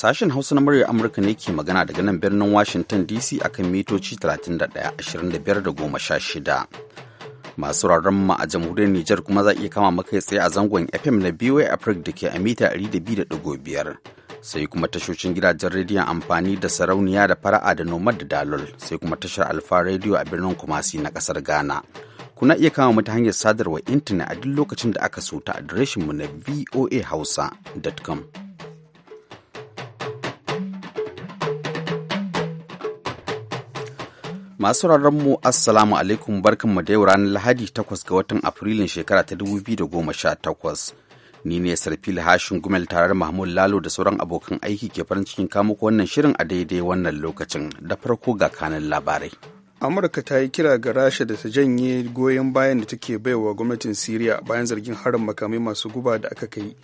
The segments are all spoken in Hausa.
Sashen Hausa na muryar Amurka ne ke magana daga nan birnin Washington DC akan mitoci 31 shida Masu rarren ma a jamhuriyar Nijar kuma za iya kama maka tsaye a zangon FM na BOA Africa da ke a mita 200.5. Sai kuma tashoshin gidajen rediyon amfani da sarauniya da fara'a da nomad da dalol sai kuma tashar Alfa Radio a birnin Kumasi na kasar Ghana. Kuna iya kama mata hanyar sadarwar intanet a duk lokacin da aka so ta adireshinmu na voahausa.com. Masu mu Assalamu alaikum barkan mu da yau ranar Lahadi 8 ga watan Afrilun shekara ta 2018. Ni ne Sarfil Hashin Gumel tare da Mahmud Lalo da sauran abokan aiki ke farin cikin ko wannan shirin a daidai wannan lokacin da farko ga kanin labarai. Amurka ta yi kira ga Rasha da ta janye goyon bayan da take baiwa gwamnatin Siriya bayan zargin harin makamai masu guba da aka kai.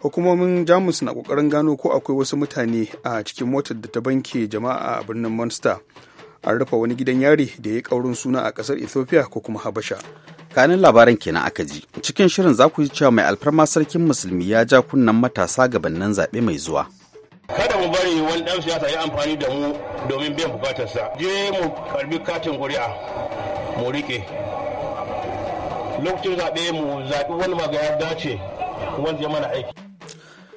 Hukumomin Jamus na kokarin gano ko akwai wasu mutane a cikin motar da ta banke jama'a a birnin Monster. an rufe wani gidan yari da ya yi ƙaurin suna a ƙasar ethiopia ko kuma habasha kanin labaran kenan aka ji cikin shirin za ku ji cewa mai alfarma sarkin musulmi ya ja kunnen matasa gabanin zaɓe mai zuwa kada mu bari wani ɗan siyasa ya amfani da mu domin biyan bukatarsa je mu karbi katin ƙuri'a mu riƙe lokacin zaɓe mu zaɓi wani maga ya dace wanda ya mana aiki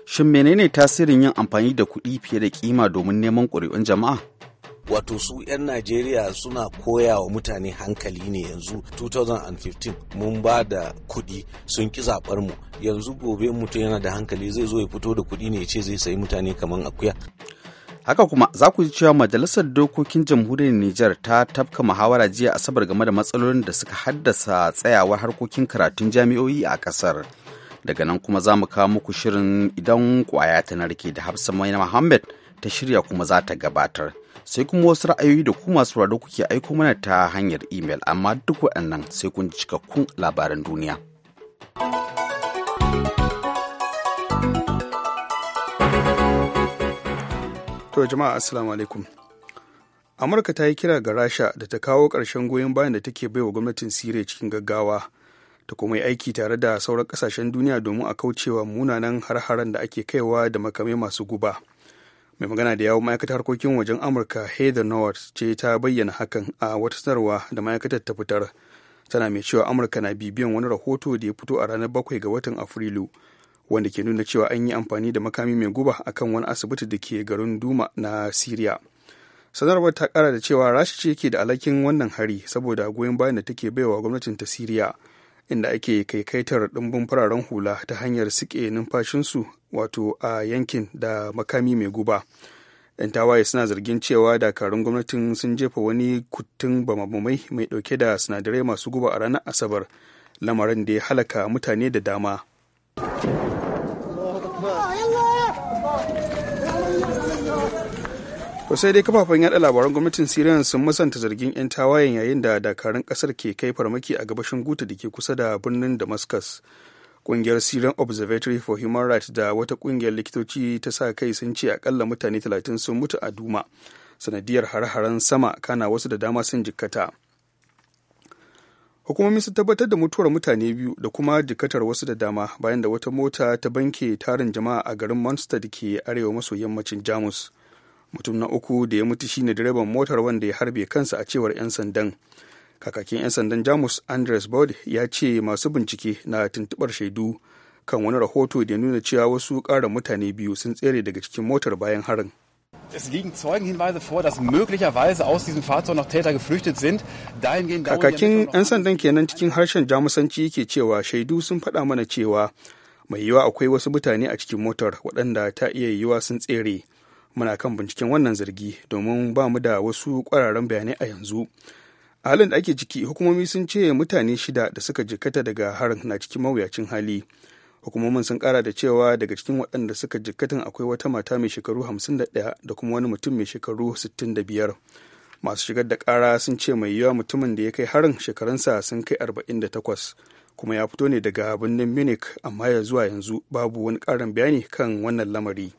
shin menene tasirin yin amfani da kuɗi fiye da kima domin neman ƙuri'un jama'a wato su 'yan najeriya suna koya wa mutane hankali ne yanzu 2015 mun ba da kuɗi sun ki zaɓar mu yanzu gobe mutum yana da hankali zai zo ya fito da kuɗi ne ce zai sayi mutane kamar akuya haka kuma za ku ji cewa majalisar dokokin jamhuriyar Nijar ta tafka muhawara jiya asabar game da matsalolin da suka haddasa tsayawar harkokin karatun jami'o'i a kasar daga nan kuma za mu kawo muku shirin idan kwaya ta narke da hafsa mai muhammad ta shirya kuma za ta gabatar sai kuma wasu ra'ayoyi da ku masu rado kuke aiko mana ta hanyar imel amma duk waɗannan sai kun ji cikakkun labaran duniya. To jama'a assalamu alaikum. Amurka ta yi kira ga Rasha da ta kawo ƙarshen goyon bayan da take baiwa gwamnatin sire cikin gaggawa ta kuma yi aiki tare da sauran ƙasashen duniya domin a kaucewa munanan har-haren da ake kaiwa da makamai masu guba. mai magana da yawon ma'aikatar harkokin wajen amurka heather north ce ta bayyana hakan a wata sanarwa da ma'aikatar ta fitar tana mai cewa amurka na bibiyan wani rahoto da ya fito a ranar bakwai ga watan afrilu wanda ke nuna cewa an yi amfani da makami mai guba a kan wani asibiti da ke garin duma na syria sanarwar ta kara da cewa rasha ce ke da alhakin wannan hari saboda goyon bayan da take baiwa gwamnatin ta syria inda ake kaikaitar ɗimbin fararen hula ta hanyar suke numfashinsu wato a yankin da makami mai guba. 'yan tawaye suna zargin cewa dakarun gwamnatin sun jefa wani kutun bamabamai mai ɗauke da sinadarai masu guba a ranar asabar lamarin da ya halaka mutane da dama to sai dai kafafen yada labaran gwamnatin syrian sun musanta zargin 'yan tawayen yayin da dakarun kasar ke kai farmaki a gabashin guta da ke kusa da birnin damascus kungiyar syrian observatory for human rights da wata kungiyar likitoci ta sa kai sun ce akalla mutane 30 sun mutu a duma sanadiyar hare-haren sama kana wasu da dama sun jikkata hukumomi sun tabbatar da mutuwar mutane biyu da kuma jikkatar wasu da dama bayan da wata mota ta banke tarin jama'a a garin monster da ke arewa maso yammacin jamus mutum na uku da ya mutu shine direban motar wanda ya harbe kansa a cewar 'yan sandan kakakin 'yan sandan jamus andres bod ya ce masu bincike na tuntubar shaidu kan wani rahoto da ya nuna cewa wasu kara mutane biyu sun tsere daga cikin motar bayan harin Es liegen Zeugenhinweise vor, dass möglicherweise aus diesem Fahrzeug noch Täter geflüchtet sind. Kakakin 'yan sandan kenan cikin harshen Jamusanci yake cewa shaidu sun faɗa mana cewa mai yiwa akwai wasu mutane a cikin motar waɗanda ta iya yiwa sun tsere. muna kan binciken wannan zargi domin ba mu da wasu kwararan bayanai a yanzu a halin da ake ciki hukumomi sun ce mutane shida da suka jikkata daga harin na cikin mawuyacin hali hukumomin sun kara da cewa daga cikin waɗanda suka jikkatan akwai wata mata mai shekaru 51 da kuma wani mutum mai shekaru biyar masu shigar da kara sun ce mai yiwuwa mutumin da ya kai harin shekarunsa sun kai arba'in da takwas kuma ya fito ne daga birnin munich amma ya zuwa yanzu babu wani karin bayani kan wannan lamari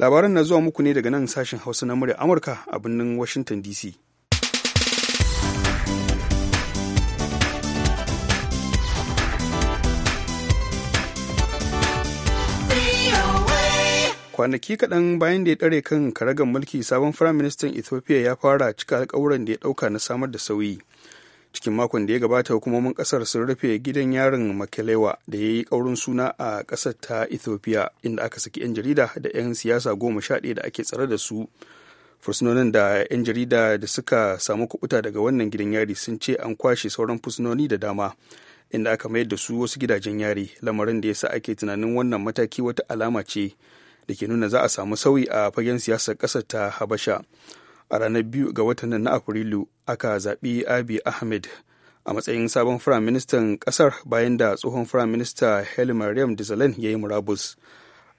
labaran na zuwa muku ne daga nan sashen hausa na murya amurka a birnin washington dc kwanaki kaɗan bayan da ya ɗare kan karagar mulki sabon firaministan ethiopia ya fara cika alkawuran da ya ɗauka na samar da sauyi cikin makon da ya gabata hukumomin kasar sun rufe gidan yarin makelewa da ya yi ƙaurin suna a ƙasar ta ethiopia inda aka saki 'yan jarida da 'yan siyasa goma sha ɗaya da ake tsare da su fursunonin da 'yan jarida da suka samu kubuta daga wannan gidan yari sun ce an kwashe sauran fursunoni da dama inda aka mayar da su wasu gidajen yari lamarin da ya sa ake tunanin wannan mataki wata alama ce da ke nuna za a samu sauyi a fagen siyasar ƙasar ta habasha a ranar biyu ga watan nan na afrilu aka zaɓi abi ahmed a matsayin sabon firaministan ƙasar bayan da tsohon firaminista helen mariam dizalen ya yi murabus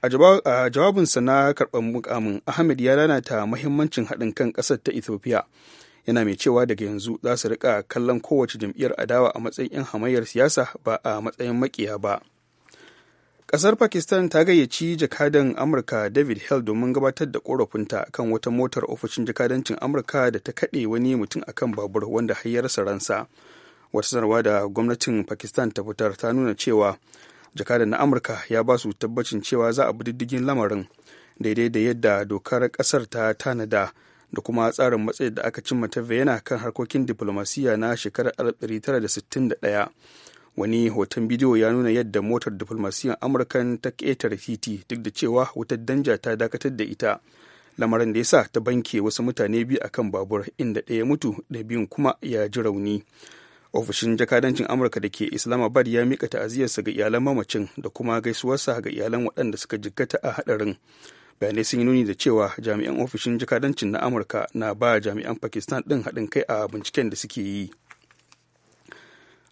a jawabinsa na karɓar mukamin ahmed ya lalata mahimmancin haɗin kan ƙasar ta ethiopia yana mai cewa daga yanzu za su rika kallon kowace jam'iyyar adawa a matsayin 'yan hamayyar siyasa ba a matsayin makiya ba kasar Pakistan ta gayyaci jakadan Amurka David Hale domin gabatar da korafinta kan wata motar ofishin jakadancin Amurka da ta kaɗe wani mutum akan babur wanda har ransa. Wata sanarwa da gwamnatin Pakistan ta fitar ta nuna cewa jakadan na Amurka ya ba su tabbacin cewa za a bi diddigin lamarin daidai da yadda dokar kasar ta tanada da kuma tsarin matsayi da aka cimma ta Vienna kan harkokin diplomasiya na shekarar 1961. wani hoton bidiyo ya nuna yadda motar diflomasiyan amurkan ta ƙetare titi duk da cewa wutar danja ta dakatar da ita lamarin da ya sa ta banke wasu mutane biyu akan babur inda ɗaya mutu da biyun kuma ya ji rauni ofishin jakadancin amurka da ke islamabad ya mika ta'aziyarsa ga iyalan mamacin da kuma gaisuwarsa ga iyalan waɗanda suka jikkata a haɗarin bayanai sun yi nuni da cewa jami'an ofishin jakadancin na amurka na ba jami'an pakistan ɗin haɗin kai a binciken da suke yi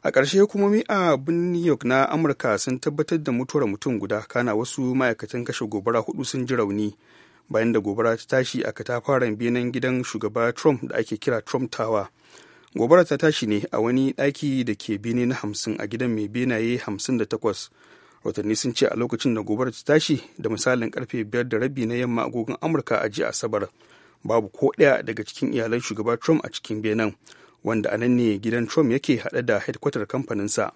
a ƙarshe hukumomi a birnin york na amurka sun tabbatar da mutuwar mutum guda kana wasu ma'aikatan kashe gobara hudu sun ji rauni bayan da gobara ta tashi a katafaren benen gidan shugaba trump da ake kira trump tower gobara ta tashi ne a wani ɗaki da ke bene na hamsin a gidan mai benaye hamsin da takwas rotanni sun ce a lokacin da gobara ta tashi da misalin karfe biyar da rabi na yamma agogon amurka a jiya asabar babu ko ɗaya daga cikin iyalan shugaba trump a cikin benin wanda a nan ne gidan Trump yake haɗe da hedkwatar kamfaninsa.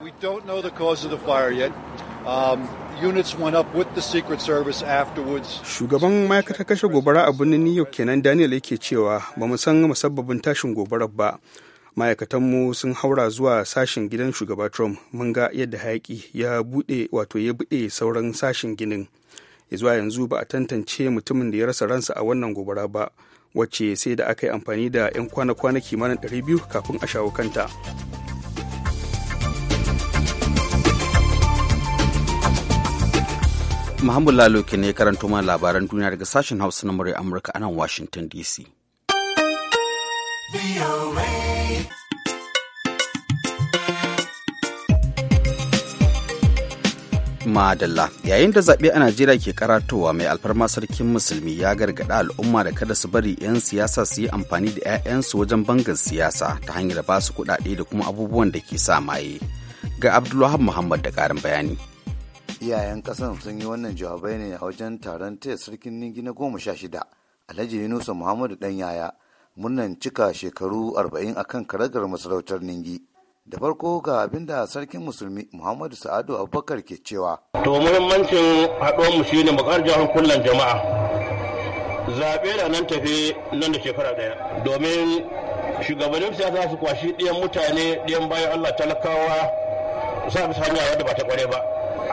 We don't know the cause of the fire yet. Um, units went up with the Secret Service afterwards. Shugaban ma'aikatar kashe gobara a birnin New York kenan Daniel yake cewa ba mu san musabbabin tashin gobarar ba. Ma'aikatanmu sun haura zuwa sashen gidan shugaba Trump mun ga yadda hayaki ya buɗe wato ya buɗe sauran sashen ginin. zuwa yanzu ba a tantance mutumin da ya rasa ransa a wannan gobara ba wacce sai da aka yi amfani da 'yan kwana-kwana kimanin 200 kafin a shawo kanta. Muhammadu Lalo ke ne karanto mana labaran duniya daga sashen Hausa na murya Amurka a nan Washington DC. Madalla yayin da zaɓe a Najeriya ke karatowa mai alfarma sarkin musulmi ya gargada al'umma da kada su bari 'yan siyasa su yi amfani da 'ya'yansu wajen bangar siyasa ta hanyar ba su kuɗaɗe da kuma abubuwan da ke sa maye. Ga Abdulwahab Muhammad da ƙarin bayani. Iyayen ƙasar sun yi wannan jawabai ne a wajen taron taya sarkin ningi na goma sha shida Alhaji Yunusa Muhammadu ɗan yaya murnan cika shekaru arba'in akan karagar masarautar ningi. da farko ga abin da sarkin musulmi muhammadu sa'adu abubakar ke cewa to muhimmancin haɗuwar mu shine mu jihar hankulan jama'a zaɓe da nan tafi nan da shekara ɗaya domin shugabannin siyasa su kwashi ɗiyan mutane ɗiyan bayan allah talakawa sa bisa hanya wadda ba ta kware ba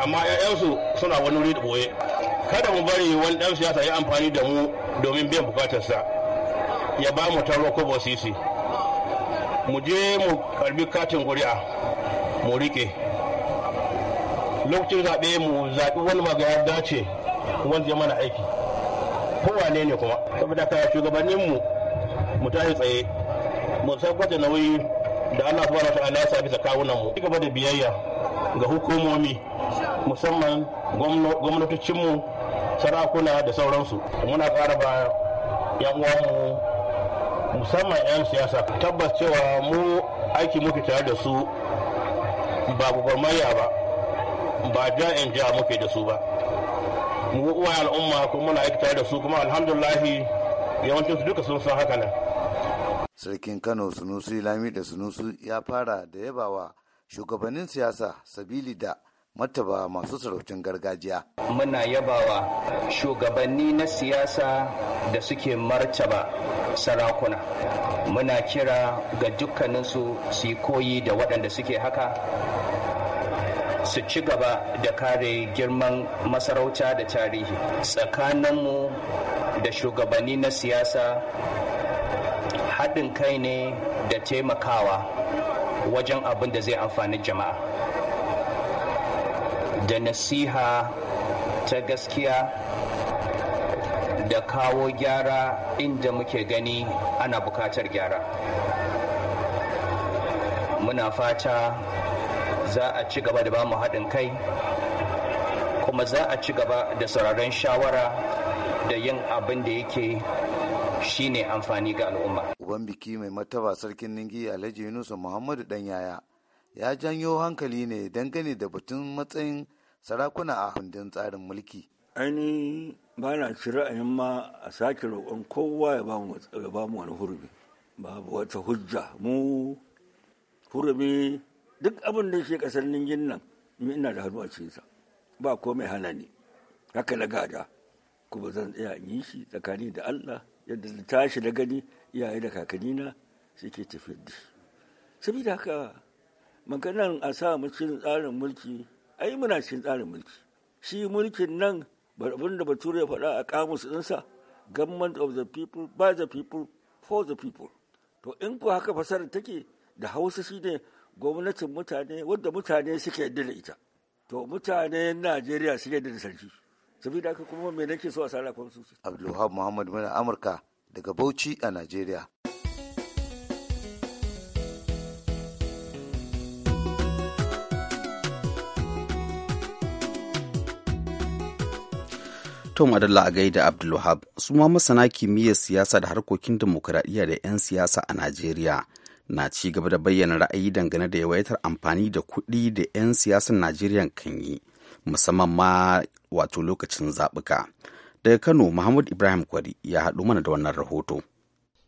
amma 'ya'yansu suna wani wuri da ɓoye kada mu bari wani ɗan siyasa ya amfani da mu domin biyan bukatarsa ya ba mu taro ko sisi mu je mu karbi katin kuri'a mu rike lokacin zaɓe mu zaɓi wani maga ya dace wani ya mana aiki kowane ne kuma saboda ka shugabannin mu mu tashi tsaye mu sabbata nauyi da Allah subhanahu wataala ya sa bisa mu gaba da biyayya ga hukumomi musamman gwamnatocinmu sarakuna da sauransu muna ƙara ba 'yan uwanmu musamman 'yan siyasa tabbas cewa mu aiki muke tare da su ba maya ba ba ja'in ja muke da su ba mu uwa al'umma kuma muna aiki tare da su kuma alhamdulahi yawancin su duka sun san haka nan sarkin kano sunusu lami da sunusu ya fara da yabawa shugabannin siyasa sabili da martaba masu sarautun gargajiya. Muna yabawa shugabanni na siyasa da suke martaba sarakuna muna kira ga dukkaninsu su koyi da waɗanda suke haka su ci gaba da kare girman masarauta da tarihi tsakaninmu da shugabanni na siyasa haɗin kai ne da taimakawa wajen abin da zai amfani jama'a da nasiha ta gaskiya da kawo gyara inda muke gani ana bukatar gyara muna fata za a ci gaba da bamu haɗin kai kuma za a ci gaba da sauraron shawara da yin abin da yake shine amfani ga al'umma uban biki mai mataba sarkin ningi alhaji yunusu muhammadu yaya ya janyo hankali ne dangane da batun matsayin sarakuna a kundin tsarin mulki ainihin ba na ci ra'ayin ma a sake roƙon kowa ya ba mu wani hurumi babu wata hujja mu hurumi duk abin da ke ƙasar ningin nan ina da hannu a cinsa ba komai hana ne haka na gada kuma zan tsaya in yi shi tsakani da Allah yadda da tashi da gani iyaye da kakannina suke tafiyar da shi saboda haka maganan a sa mu cikin tsarin mulki ai muna cikin tsarin mulki shi mulkin nan abin da bature ya faɗa a kamus ɗinsa government of the people by the people for the people to in ku haka fasarar take da hausa shine gwamnatin mutane wadda mutane suke yadda da ita to mutanen najeriya suke yadda da sarki saboda haka kuma me nake so a sara su. abdulwahab muhammad mana amurka daga bauchi a najeriya Tom Adalla a gaida Abdulwahab su ma masana kimiyyar siyasa da harkokin demokuraɗiyya da 'yan siyasa a Najeriya na ci gaba da bayyana ra'ayi dangane da yawaitar amfani da kuɗi da 'yan siyasar Najeriya kan yi musamman ma wato lokacin zaɓuka. Daga Kano Muhammad Ibrahim Kwari ya haɗu mana da wannan rahoto.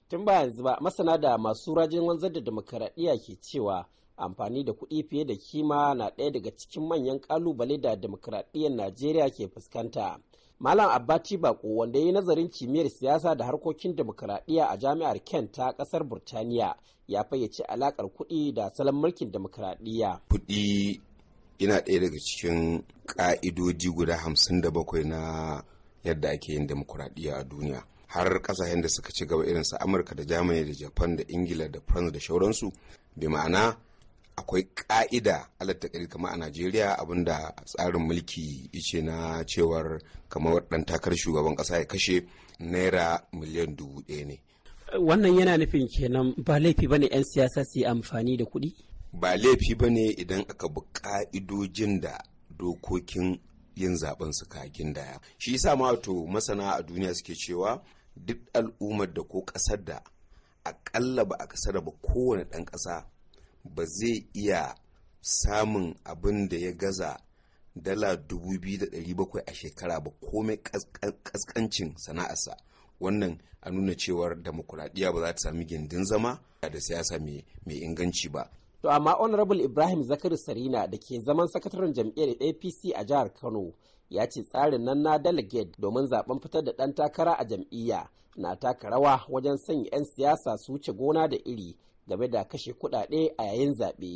Tun ba yanzu ba masana da masu rajin wanzar da demokuraɗiyya ke cewa amfani da kuɗi fiye da kima na ɗaya daga cikin manyan ƙalubale da demokuraɗiyyar Najeriya ke fuskanta. Malam Abbati Bako wanda ya yi nazarin kimiyyar siyasa da harkokin demokuraɗiyya a jami'ar Kent ta ƙasar Burtaniya ya fayyace alaƙar kuɗi da salon mulkin demokuraɗiyya. Kuɗi yana ɗaya daga cikin ƙa'idoji guda hamsin da bakwai na yadda ake yin demokuraɗiyya a duniya. Har ƙasashen da suka ci gaba irin su Amurka da jamani da Japan da Ingila da France da shauransu. Bi ma'ana akwai ka'ida alatta kama a najeriya abinda tsarin mulki ice na cewar kamar ɗan takarar shugaban ƙasa ya kashe naira miliyan dubu ɗaya ne wannan yana nufin kenan ba laifi bane 'yan siyasa su yi amfani da kuɗi ba laifi bane idan aka bi ka'idojin da dokokin yin zaben su ka daya shi yasa ma wato masana a duniya suke cewa duk al'ummar da ko ƙasar da aƙalla ba a da ba kowane ɗan ƙasa ba zai iya samun abin da ya gaza dala 2,700 a shekara ba komai kaskancin sana'arsa wannan a nuna cewar demokuraɗiyya ba za ta sami gindin zama da siyasa mai inganci ba to amma honorable ibrahim zakari sarina da ke zaman sakataren jam'iyyar apc a jihar kano ya ce tsarin nan na delegate domin zaben fitar da ɗan takara a jam'iyya na taka rawa wajen sanya 'yan siyasa su wuce gona da iri game da kashe kuɗaɗe a yayin zaɓe.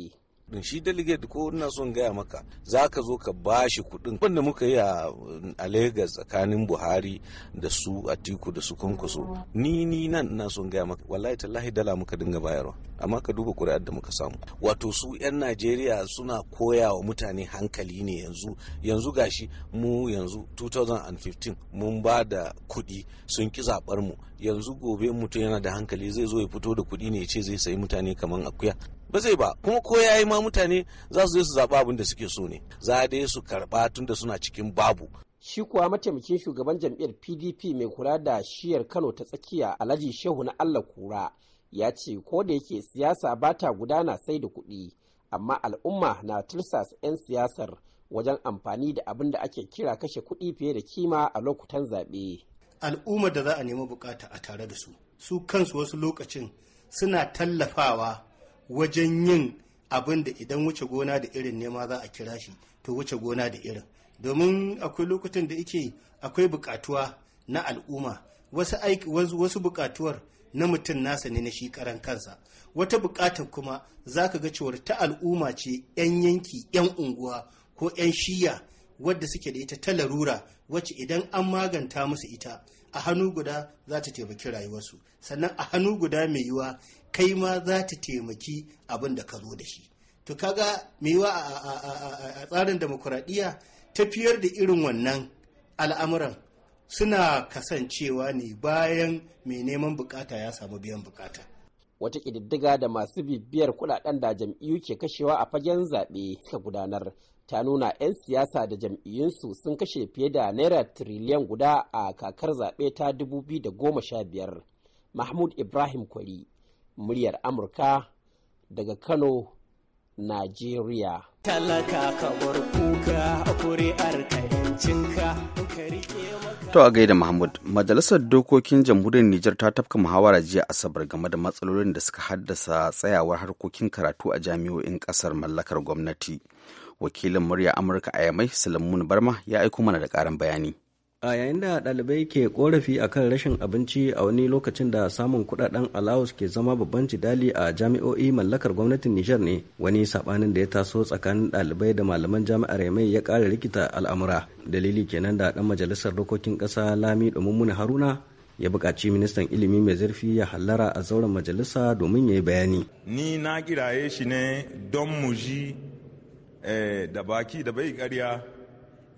din shi delegate ko ina son gaya maka za ka zo ka ba shi kuɗin wanda muka yi a Lagos tsakanin Buhari da su Atiku da su Kwankwaso ni ni nan ina son gaya maka wallahi tallahi dala muka dinga bayarwa amma ka duba kuri'ar da muka samu wato su 'yan Najeriya suna koya wa mutane hankali ne yanzu yanzu gashi mu yanzu 2015 mun ba da kuɗi sun ki zaɓar mu yanzu gobe mutum yana da hankali zai zo ya fito da kuɗi ne ya ce zai sayi mutane kamar akuya ba zai ba kuma ko ya yi ma mutane za su je su zaɓi abin da suke so ne za dai su karɓa tun da suna cikin babu shi kuwa mataimakin shugaban jam'iyyar pdp mai kula da shiyar kano ta tsakiya alhaji shehu na allah kura ya ce ko da yake siyasa ba ta gudana sai da kuɗi amma al'umma na tursas 'yan siyasar wajen amfani da abin da ake kira kashe kuɗi fiye da kima a lokutan zaɓe. al'ummar da za a nemi bukata a tare da su su kansu wasu lokacin suna tallafawa wajen yin abin da idan wuce gona da irin nema za a kira shi to wuce gona da irin domin akwai lokutan da ike akwai bukatuwa na al'umma wasu wasu bukatuwar na mutum nasa ne na shi karan kansa wata bukatar kuma za ka ga cewar ta al'umma ce 'yan yanki 'yan unguwa ko 'yan shiya wadda suke da ita ta larura wacce idan an maganta musu ita a hannu guda za ta taimaki rayuwarsu sannan a hannu guda mai yiwa kai ma za ta taimaki abin da ka zo da shi to kaga mai yiwa a tsarin demokuraɗiyya tafiyar da irin wannan al'amuran suna kasancewa ne bayan mai neman bukata ya samu biyan bukata wata ƙididdiga da masu bibiyar kuɗaɗen da jam'iyyu ke kashewa a fagen zaɓe suka gudanar ta nuna 'yan siyasa da jam'iyyunsu sun kashe fiye da naira tiriliyan guda a kakar zaɓe ta 2015 mahmud ibrahim kwari muryar amurka daga kano najeriya To a gaida Mahmud, Majalisar Dokokin Jamhuriyar Nijar ta tafka muhawara jiya Asabar game da matsalolin da suka haddasa tsayawar harkokin karatu a jami'o'in ƙasar mallakar gwamnati. wakilin murya amurka a yamai sulaimun barma ya aiko mana da karin bayani a yayin da ɗalibai ke korafi a kan rashin abinci a wani lokacin da samun kudaden alawus ke zama babban jidali a jami'o'i mallakar gwamnatin nijar ne wani sabanin da ya taso tsakanin ɗalibai da malaman jami'ar yamai ya ƙara rikita al'amura dalili kenan da ɗan majalisar dokokin ƙasa lami mummuna haruna ya buƙaci ministan ilimi mai zurfi ya hallara a zauren majalisa domin ya yi bayani ni na kiraye shi ne don mu ji Eh, da baki da bai ƙarya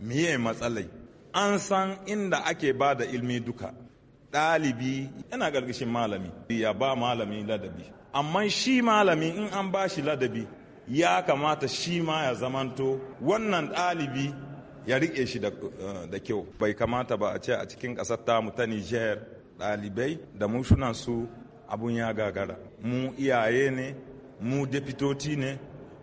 miye matsalai an san inda ake ba da ilmi duka ɗalibi yana ƙarƙashin malami ya ba malami ladabi amma shi malami in an ba shi ladabi ya kamata shi ma ya zamanto wannan ɗalibi ya riƙe shi da eh, kyau bai kamata ba a ce a cikin ƙasar tamu ta niger ɗalibai da mushunan su abun ya gagara mu iyaye ne mu deputoti ne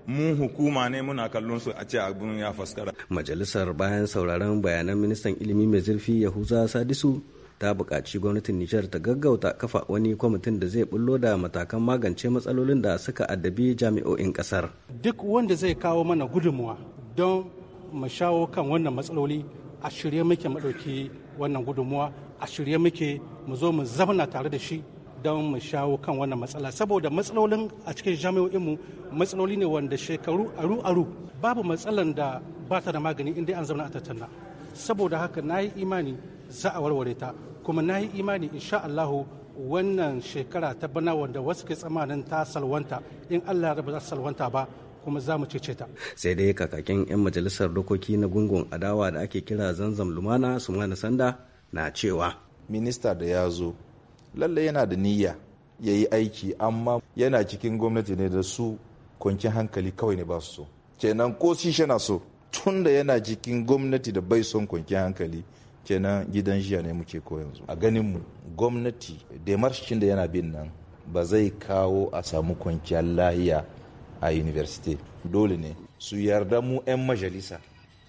mu hukuma ne muna kallon su a ce abin ya faskara. Majalisar bayan sauraron bayanan ministan ilimi mai zurfi Yahuza Sadisu ta buƙaci gwamnatin Nijar ta gaggauta kafa wani kwamitin da zai bullo da matakan magance matsalolin da suka addabi jami'o'in ƙasar. Duk wanda zai kawo mana gudunmuwa don mu shawo kan wannan matsaloli a shirye muke maɗauki wannan gudunmuwa a shirye muke mu zo mu zamana tare da shi don mu shawo kan wannan matsala saboda matsalolin a cikin jami'o'inmu matsaloli ne wanda shekaru aru-aru babu matsalan da ba ta da magani dai an zauna a tattauna saboda haka na yi imani za a warware ta kuma na yi imani insha Allahu wannan shekara ta bana wanda wasu ke tsamanin ta salwanta in Allah ya ba za salwanta ba kuma za mu cece ta. Sai dai kakakin 'yan majalisar dokoki na gungun adawa da ake kira zanzam lumana sumana sanda na cewa. Minista da ya zo lalle yana da niyya ya yi aiki amma yana cikin gwamnati ne da su kwanci hankali kawai ne ba su so kenan ko shi yana so tun da yana cikin gwamnati da bai son kwanci hankali kenan gidan jiya ne muke ko yanzu a ganin mu gwamnati demarshin da yana bin nan ba zai kawo a samu kwanciyar lahiya a university dole ne su yarda mu 'yan majalisa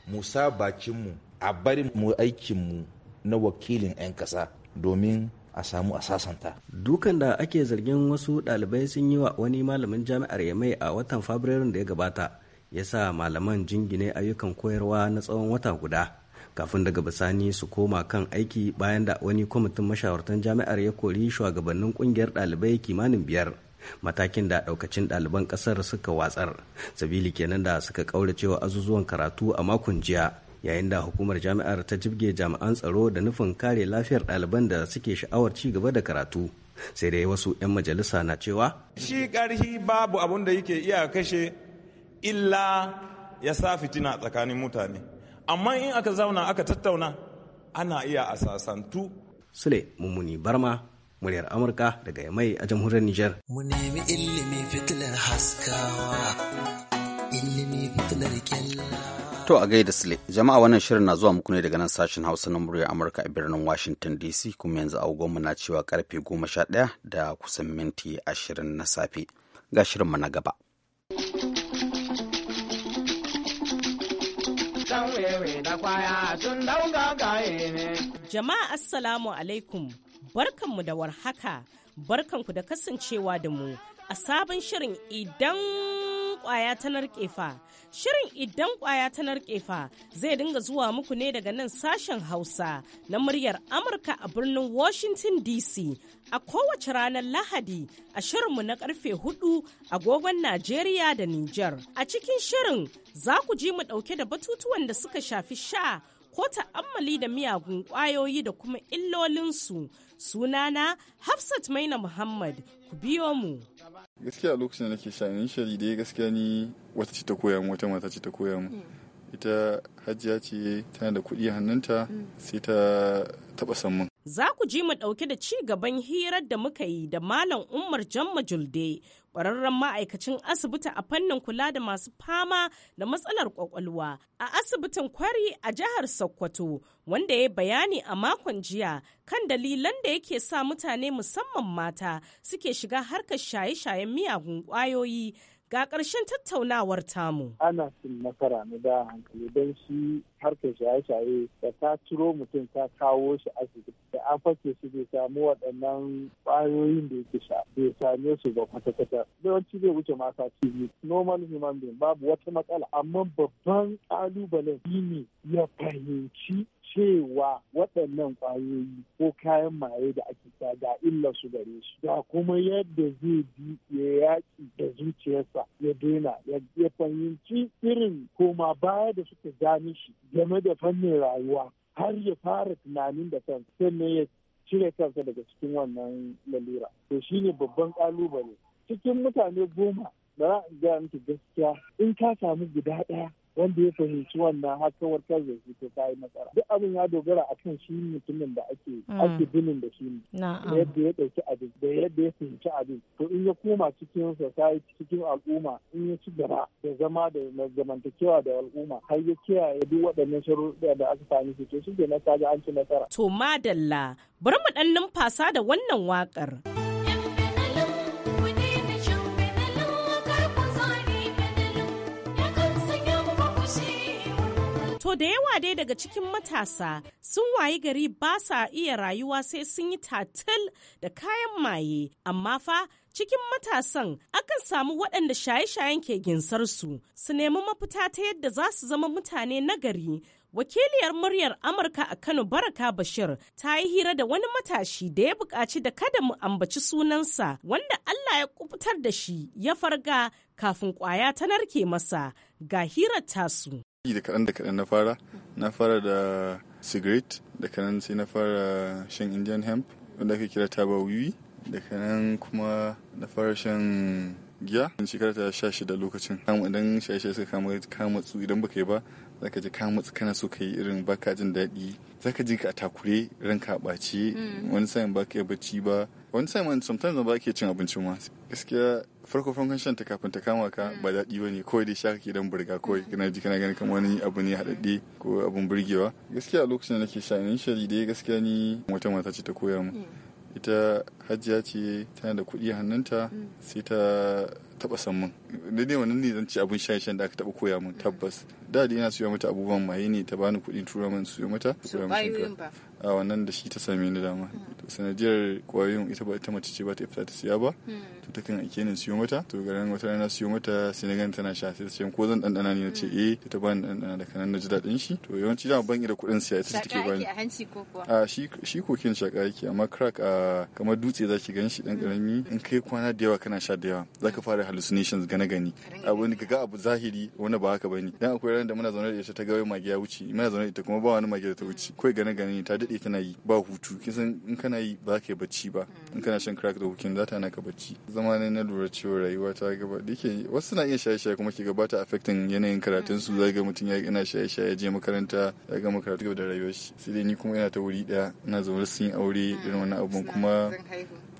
mu sa bakinmu a bari mu aikinmu na wakilin 'yan kasa domin a samu a sasanta. Dukan da ake zargin wasu ɗalibai sun yi wa wani malamin jami'ar Yamai a watan Fabrairun da ya gabata ya sa malaman jingine ayyukan koyarwa na tsawon wata guda kafin daga bisani su koma kan aiki bayan da wani kwamitin mashawartan jami'ar ya kori shugabannin kungiyar ɗalibai kimanin biyar matakin da ɗaukacin ɗaliban ƙasar suka watsar sabili kenan da suka cewa azuzuwan karatu a makon jiya yayin da hukumar jami'ar ta jibge jami'an tsaro da nufin kare lafiyar ɗaliban da suke sha'awar ci gaba da karatu sai dai wasu 'yan majalisa na cewa shi ƙarhi babu abun da yake iya kashe illa ya sa fitina tsakanin mutane amma in aka zauna aka tattauna ana iya asasantu. sasantu sule mummuni barma muryar amurka daga mai a jamhuriyar niger mu nemi ilimi fitilar haskawa ilimi fitilar kyallawa To a gaida sile, jama'a wannan shirin na zuwa muku ne daga nan sashen Hausa na murya Amurka a birnin Washington DC kuma yanzu agogonmu na cewa karfe ɗaya da kusan minti ashirin na safe. Ga shirin mu na gaba. Jama'a Assalamu alaikum, barkanmu da warhaka. barkanku da kasancewa da mu a sabon shirin idan kwaya ta narkefa. Shirin idan kwaya ta narkefa zai dinga zuwa muku ne daga nan sashen Hausa na muryar Amurka a birnin Washington DC a kowace ranar Lahadi a shirinmu na karfe hudu agogon Najeriya da Niger. A cikin shirin za ku ji mu dauke da batutuwan da suka shafi sha ko ta'ammali da miyagun kwayoyi da kuma illolinsu sunana Hafsat Maina Muhammad ku biyo mu. Gaskiya lokacin da nake sha'anin shari dai gaskiya ni wata ce ta koya wata mata ce ta koya mu. Ita hajjiya ce tana da kuɗi hannunta mm. sai ta taɓa sammun. za ku ji mu ɗauke da ci gaban hirar da muka yi da Malam Umar Jamma Julde, ƙwararren ma'aikacin asibiti a fannin kula da masu fama da matsalar ƙwaƙwalwa a asibitin Kwari a jihar Sokoto, wanda ya bayani a makon jiya kan dalilan da yake sa mutane musamman mata suke shiga harkar shaye-shayen miyagun ƙwayoyi. Ga karshen tattaunawar tamu. Ana cin nasara na da hankali don shi harkar shaye-shaye da ta ciro mutum ta kawo shi asibiti da an fake su bai samu waɗannan ƙwayoyin da yake sha bai same su ba kwata-kwata. Yawanci zai wuce mata TV normal human being babu wata matsala amma babban ƙalubalen shi ne ya fahimci cewa waɗannan ƙwayoyi ko kayan maye da ake sa ga illar su gare su. da kuma yadda zai bi ya yaƙi da zuciyarsa ya daina ya fahimci irin koma baya da suka gani shi game da fannin rayuwa har ya fara tunanin da kan sannan ya cire kansa daga cikin wannan lalura to shine babban ƙalubale cikin mutane goma da za a gaya miki gaskiya in ka samu guda ɗaya wanda ya fahimci wannan har kawar da shi to ta matsala duk abin ya dogara a kan shi mutumin da ake hmm. ake binin da shi da yadda ya ɗauki abin da yadda ya fahimci abin to in ya koma cikin society cikin al'umma in ya ci gaba da zama da zamantakewa da al'umma har ya kiyaye duk waɗannan sharuɗa da aka sami su to shi ke na kaji an ci nasara. to madalla bari mu ɗan numfasa da wannan waƙar. To da yawa dai daga cikin matasa sun wayi gari ba sa iya rayuwa sai sun yi tatil da kayan maye, amma fa cikin matasan akan samu waɗanda shaye-shayen ke ginsarsu su nemi mafita ta yadda za su zama mutane nagari. Wakiliyar muryar Amurka a Kano Baraka Bashir ta yi hira da wani matashi da ya buƙaci da kada mu ambaci sunansa wanda Allah ya kubutar da shi ya farga kafin ƙwaya ta narke masa ga hirar tasu. da kaɗan da kaɗan na fara na fara da cigarette da kanan sai na fara shan indian hemp wanda ake kira taba wiwi da kanan kuma na fara shan giya in shekara ta sha shida lokacin kama idan sha shida suka kama kama tsu idan baka yi ba ka ji kama tsu kana so yi irin baka jin daɗi ka ji ka takure ranka a ɓace mm. wani sa'in baka yi bacci ba wani sa'in sometimes ba ke cin abincin ma gaskiya farko farkon shan ta kafin ta kama ka ba mm. daɗi ba ne kawai dai sha ke dan burga kawai mm. kana ji kana gani kamar wani abu ne haɗaɗɗe ko abun burgewa gaskiya a lokacin da nake sha ni shari dai gaskiya ni wata mata ce ta koya mu mm. ita hajjiya ce tana da kuɗi hannunta sai ta taɓa san min da dai wannan ne zan ci abun shan shan da aka taɓa koya min tabbas da dai ina suya mata abubuwan maye ne ta bani kuɗi tura min suya mata a wannan da shi ta same ni dama to sanadiyar kwayoyin ita ba ita mace ce ba ta fita ta siya ba hmm. to ta kan ake ni siyo mata to garin wata rana siyo mata sai na tana sha sai ta ce ko zan dandana ne na ce hmm. eh ta bani dandana da kanan na ji dadin shi to yawanci dama ban da kuɗin siya ita ce take bani a hanci ko kuwa a shi shi kokin shaka yake amma crack a kamar dutse zaki gan shi dan karami hmm. in kai kwana da yawa kana sha da yawa zaka fara hallucinations gane gani abin ka ga abu zahiri wani ba haka bane dan akwai ran da muna zaune da ita ta ga wai magiya wuce muna zaune da ita kuma ba wani magiya ta wuce kai gane gane ta daɗe tana yi ba hutu kisan in kana yi ba ka yi bacci ba in kana shan crack da hukin zata naka ka bacci zama ne na lura cewa rayuwa ta gaba da wasu suna iya shaye-shaye kuma ke gaba ta affecting yanayin karatun su zai ga mutum ya ina shaye-shaye je makaranta ya gama karatu da rayuwar shi sai dai ni kuma ina ta wuri ɗaya ina zaune sun yi aure irin wannan abun kuma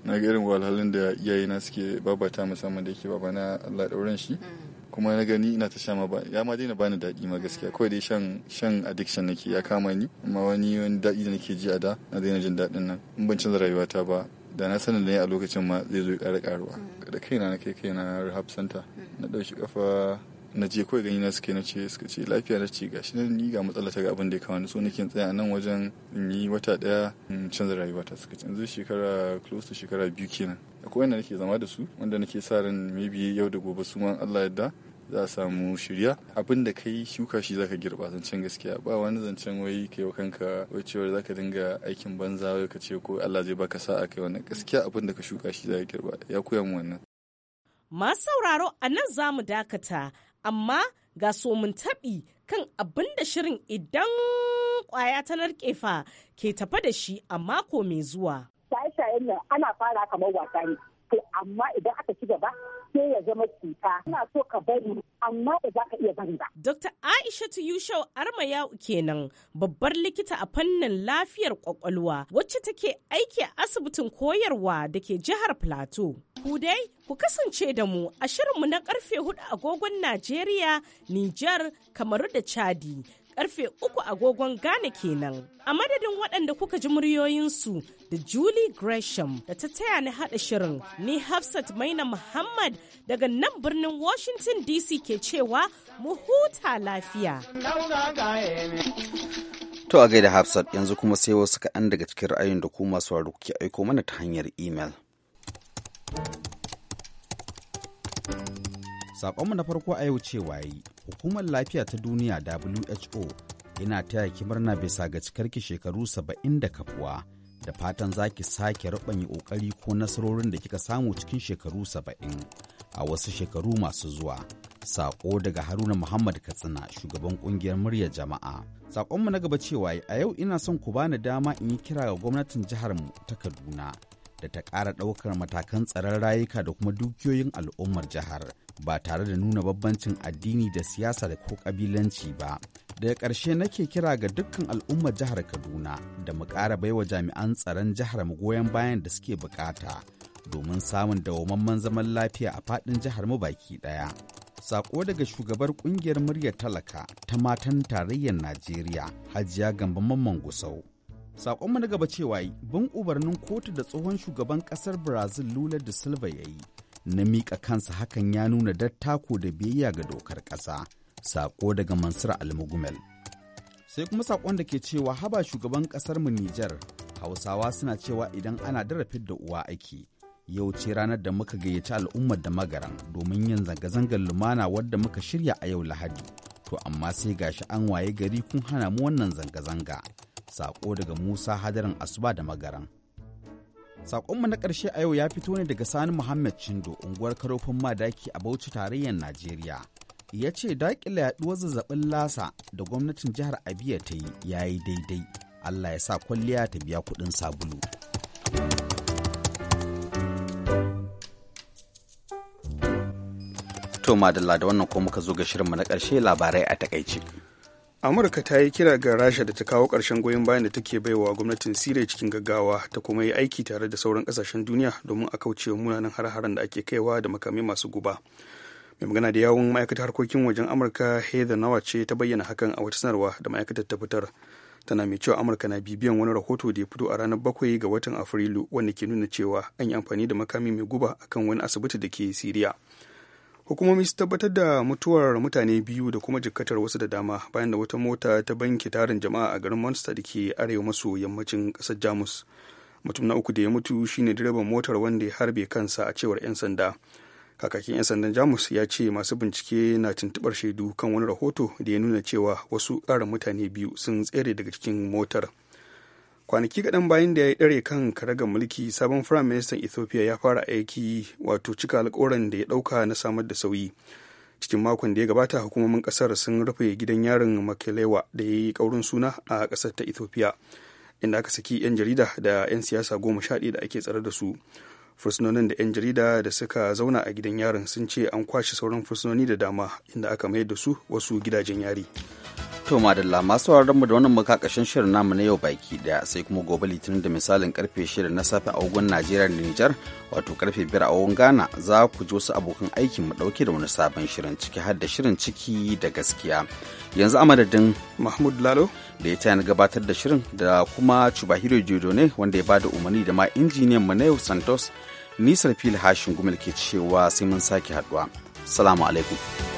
na ga irin wahalhalun da iyayena suke babata musamman da yake babana Allah ɗauran shi mm. kuma na gani ina ta sha ma ya ma daina bani daɗi ma gaskiya kawai dai shan shan addiction nake ya kama ni amma wani wani daɗi da nake ji a da na daina jin daɗin nan in ban canza rayuwata ba da na sanin da ya a lokacin ma zai zo ƙara ƙaruwa mm. da kaina na kai kaina rehab center mm. na ɗauki kafa na je kawai gani na suke na ce suka ce lafiya na ce gashi nan ni ga matsala ta ga abin da ya kawo ni so nake tsaya nan wajen in yi wata daya in canza rayuwata suka ce yanzu shekara close to shekara biyu kenan akwai wanda nake zama da su wanda nake sa ran maybe yau da gobe su ma Allah yadda za a samu shirya abin da kai shuka shi zaka girba zancen gaskiya ba wani zancen wai kai kanka wai cewa zaka dinga aikin banza wai ka ce ko Allah zai baka sa'a kai wannan gaskiya abin da ka shuka shi zaka girba ya koya mu wannan masu sauraro a nan za mu dakata amma ga mun taɓi kan abin da shirin idan kwaya ta narkefa ke tafa da shi a mako mai zuwa. shaye-shayen nan ana fara kamar wasa ne to amma idan aka ci gaba sai ya zama cuta ina so ka bari amma ba za ka iya bari ba. Dr. Aisha Yushau Armayau kenan babbar likita a fannin lafiyar kwakwalwa wacce take aiki a asibitin koyarwa da ke jihar Plateau. Ku dai ku kasance da mu a shirinmu na karfe hudu agogon Najeriya, Nijar, Kamaru da Chadi. karfe uku agogon Ghana kenan. A madadin waɗanda kuka ji muryoyinsu da Julie Gresham da ta taya ni haɗa shirin ni Hafsat Maina Muhammad daga nan birnin Washington DC ke cewa mu huta lafiya. To a gaida Hafsat yanzu kuma sai wasu kaɗan daga cikin ra'ayin da ku masu kuke aiko mana ta hanyar imel. Saƙonmu na farko a yau cewa yi, Hukumar Lafiya ta Duniya WHO yana taya ki murna bisa ga cikarki shekaru saba'in da kafuwa da fatan za ki sake yi ƙoƙari ko nasarorin da kika samu cikin shekaru saba'in a wasu shekaru masu zuwa. Saƙo daga Haruna Muhammad Katsina, shugaban ƙungiyar muryar jama'a. Saƙonmu na gaba cewa a yau ina son ku bani dama in yi kira ga gwamnatin jiharmu ta Kaduna da ta ƙara ɗaukar matakan tsaron rayuka da kuma dukiyoyin al'ummar jihar ba tare da nuna bambancin addini da siyasa da ko ƙabilanci ba daga ƙarshe nake kira ga dukkan al'ummar jihar kaduna da mu ƙara baiwa jami'an tsaron jihar mu goyon bayan da suke bukata domin samun dawamamman zaman lafiya a faɗin jihar mu baki ɗaya sako daga shugabar kungiyar muryar talaka ta matan tarayyar najeriya hajiya Gambo mamman gusau mu na gaba cewa yi, bin ubarnin kotu da tsohon shugaban kasar Brazil Lula da Silva ya yi, na miƙa kansa hakan ya nuna dattako da biyayya ga dokar ƙasa. Saƙo daga Mansur Almugumel. Sai kuma sakon da ke cewa haba shugaban mu Nijar, Hausawa suna cewa idan ana darafin da uwa aiki. Yau ce ranar da muka gayyaci al'ummar da magaran domin yin zanga-zangar lumana wadda muka shirya a yau Lahadi. To amma sai gashi an waye gari kun hana mu wannan zanga-zanga. Saƙo daga Musa Hadarin Asuba da Magaran. Sakonmu na ƙarshe a yau ya fito ne daga Sani Muhammad Chindo unguwar Karofin Madaki a Bauchi tarayyar Najeriya. Ya ce daƙila yaɗuwar zazzabin lasa da gwamnatin jihar Abia ta yi ya yi daidai. Allah ya sa kwalliya ta biya kuɗin sabulu. To madalla da wannan ko muka zo ga shirinmu na ƙarshe labarai a takaici. amurka ta yi kira ga rasha da ta kawo ƙarshen goyon bayan da take baiwa gwamnatin siriya cikin gaggawa ta kuma yi aiki tare da sauran kasashen duniya domin a kauce munanan har-haren da ake kaiwa da makamai masu guba mai magana da yawon ma'aikatar harkokin wajen amurka heather nawa ce ta bayyana hakan a wata sanarwa da ma'aikatar ta fitar tana mai cewa amurka na bibiyan wani rahoto da ya fito a ranar bakwai ga watan afrilu wanda ke nuna cewa an yi amfani da makami mai guba akan wani asibiti da ke siriya hukumomi su tabbatar da mutuwar mutane biyu da kuma jikkatar wasu da dama bayan da wata mota ta banki tarin jama'a a garin monster da ke arewa maso yammacin kasar jamus mutum na uku da ya mutu shine direban motar wanda ya harbe kansa a cewar 'yan sanda kakakin 'yan sandan jamus ya ce masu bincike na tuntubar shaidu kan wani rahoto da ya nuna cewa wasu ƙarin mutane biyu sun tsere daga cikin motar kwanaki kaɗan bayan da ya ɗare kan karagar mulki sabon firayim ministan ethiopia ya fara aiki wato cika alƙawuran da ya ɗauka na samar da sauyi cikin makon da ya gabata hukumomin ƙasar sun rufe gidan yarin makelewa da ya yi ƙaurin suna a ƙasar ta ethiopia inda aka saki 'yan jarida da 'yan siyasa goma sha da ake tsare da su fursunonin da 'yan jarida da suka zauna a gidan yarin sun ce an kwashe sauran fursunoni da dama inda aka mayar da su wasu gidajen yari. To madalla masu mu da wannan makakashin shirin namu na yau baki daya sai kuma gobe litinin da misalin karfe 6 na safe a ogun Najeriya da Nijar wato karfe biyar a ogun Ghana za ku ji wasu abokan aiki mu dauke da wani sabon shirin ciki har da shirin ciki da gaskiya. Yanzu a madadin Mahmud Lalo da ya tayar gabatar da shirin da kuma Chubahiro Jodo ne wanda ya bada umarni da ma injiniyan mu na yau Santos Nisar Fil Hashin Gumel ke cewa sai mun sake haduwa. Salamu alaikum.